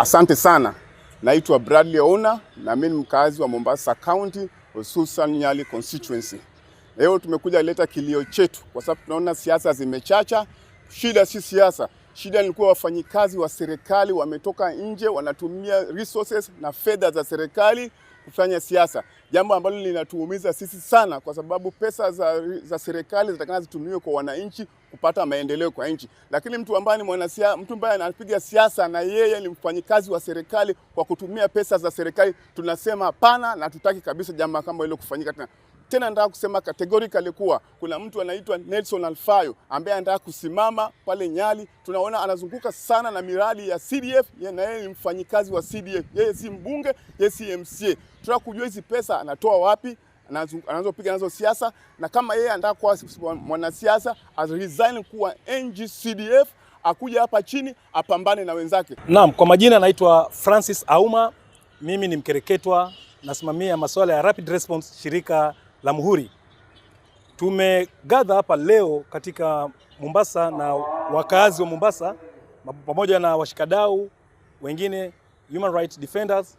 Asante sana. Naitwa Bradley Ouna na mimi ni mkazi wa Mombasa County, hususan Nyali constituency. Leo tumekuja leta kilio chetu kwa sababu tunaona siasa zimechacha. Shida si siasa, shida ilikuwa wafanyikazi wa serikali wametoka nje, wanatumia resources na fedha za serikali kufanya siasa, jambo ambalo linatuumiza sisi sana, kwa sababu pesa za, za serikali zitakana zitumiwe kwa wananchi kupata maendeleo kwa nchi, lakini mtu ambaye ni mwanasiasa, mtu ambaye anapiga siasa na yeye ni mfanyikazi wa serikali kwa kutumia pesa za serikali, tunasema hapana na tutaki kabisa jambo kama hilo kufanyika tena. Tena nataka kusema categorically kuwa kuna mtu anaitwa Nelson Alfayo ambaye anataka kusimama pale Nyali. Tunaona anazunguka sana na miradi ya CDF, yeye na yeye ni mfanyikazi wa CDF, yeye si mbunge, yeye si MCA. Tunataka kujua hizi pesa anatoa wapi, anazopiga nazo siasa, na kama yeye anataka kuwa mwanasiasa resign kuwa CDF, akuja hapa chini apambane na wenzake. Naam, kwa majina anaitwa Francis Auma, mimi ni mkereketwa, nasimamia masuala ya rapid response shirika la Muhuri. Tumegadha hapa leo katika Mombasa na wakazi wa Mombasa pamoja na washikadau wengine human rights defenders.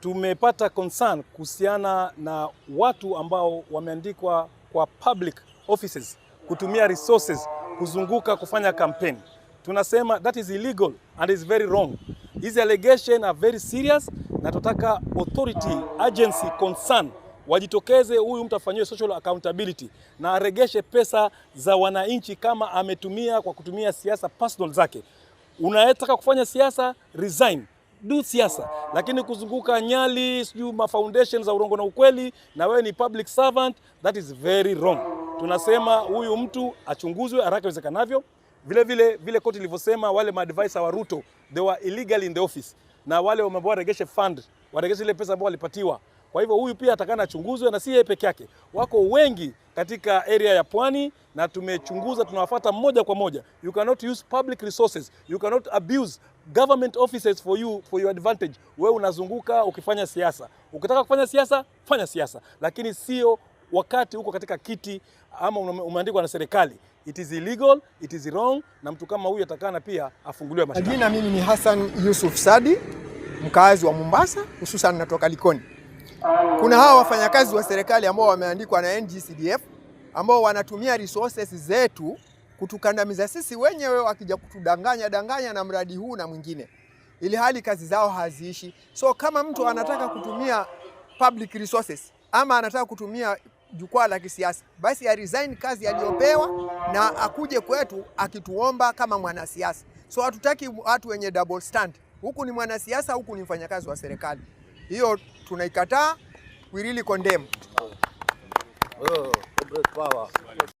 Tumepata concern kuhusiana na watu ambao wameandikwa kwa public offices kutumia resources kuzunguka kufanya kampeni. Tunasema that is illegal and is very wrong. These allegations are very serious na tunataka authority agency concern wajitokeze, huyu mtu afanyiwe social accountability na aregeshe pesa za wananchi kama ametumia kwa kutumia siasa personal zake. Unayetaka kufanya siasa resign du siasa, lakini kuzunguka Nyali sijui foundation za urongo na ukweli, na wewe ni public servant, that is very wrong. Tunasema huyu mtu achunguzwe haraka iwezekanavyo. Vile vile vile koti ilivyosema, wale ma advisor wa Ruto they were illegal in the office, na wale wamebwa regeshe fund, waregeshe ile pesa ambayo walipatiwa. Kwa hivyo huyu pia atakana achunguzwe, na si yeye peke yake, wako wengi katika area ya pwani, na tumechunguza, tunawafuata moja kwa moja. You cannot use public resources, you cannot abuse government offices for you for your advantage. Wewe unazunguka ukifanya siasa, ukitaka kufanya siasa fanya siasa, lakini sio wakati uko katika kiti ama umeandikwa na serikali. It is illegal, it is wrong, na mtu kama huyu atakana pia afunguliwe mashtaka. Jina mimi ni Hassan Yusuf Sadi, mkazi wa Mombasa, hususan natoka Likoni. Kuna hawa wafanyakazi wa serikali ambao wameandikwa na NGCDF ambao wanatumia resources zetu kutukandamiza sisi wenyewe, wakija kutudanganya danganya na mradi huu na mwingine, ili hali kazi zao haziishi. So kama mtu anataka kutumia public resources ama anataka kutumia jukwaa la kisiasa, basi resign kazi aliyopewa na akuje kwetu akituomba kama mwanasiasa. So hatutaki watu wenye double stand, huku ni mwanasiasa, huku ni mfanyakazi wa serikali hiyo tunaikataa, we really condemn. Oh. Oh.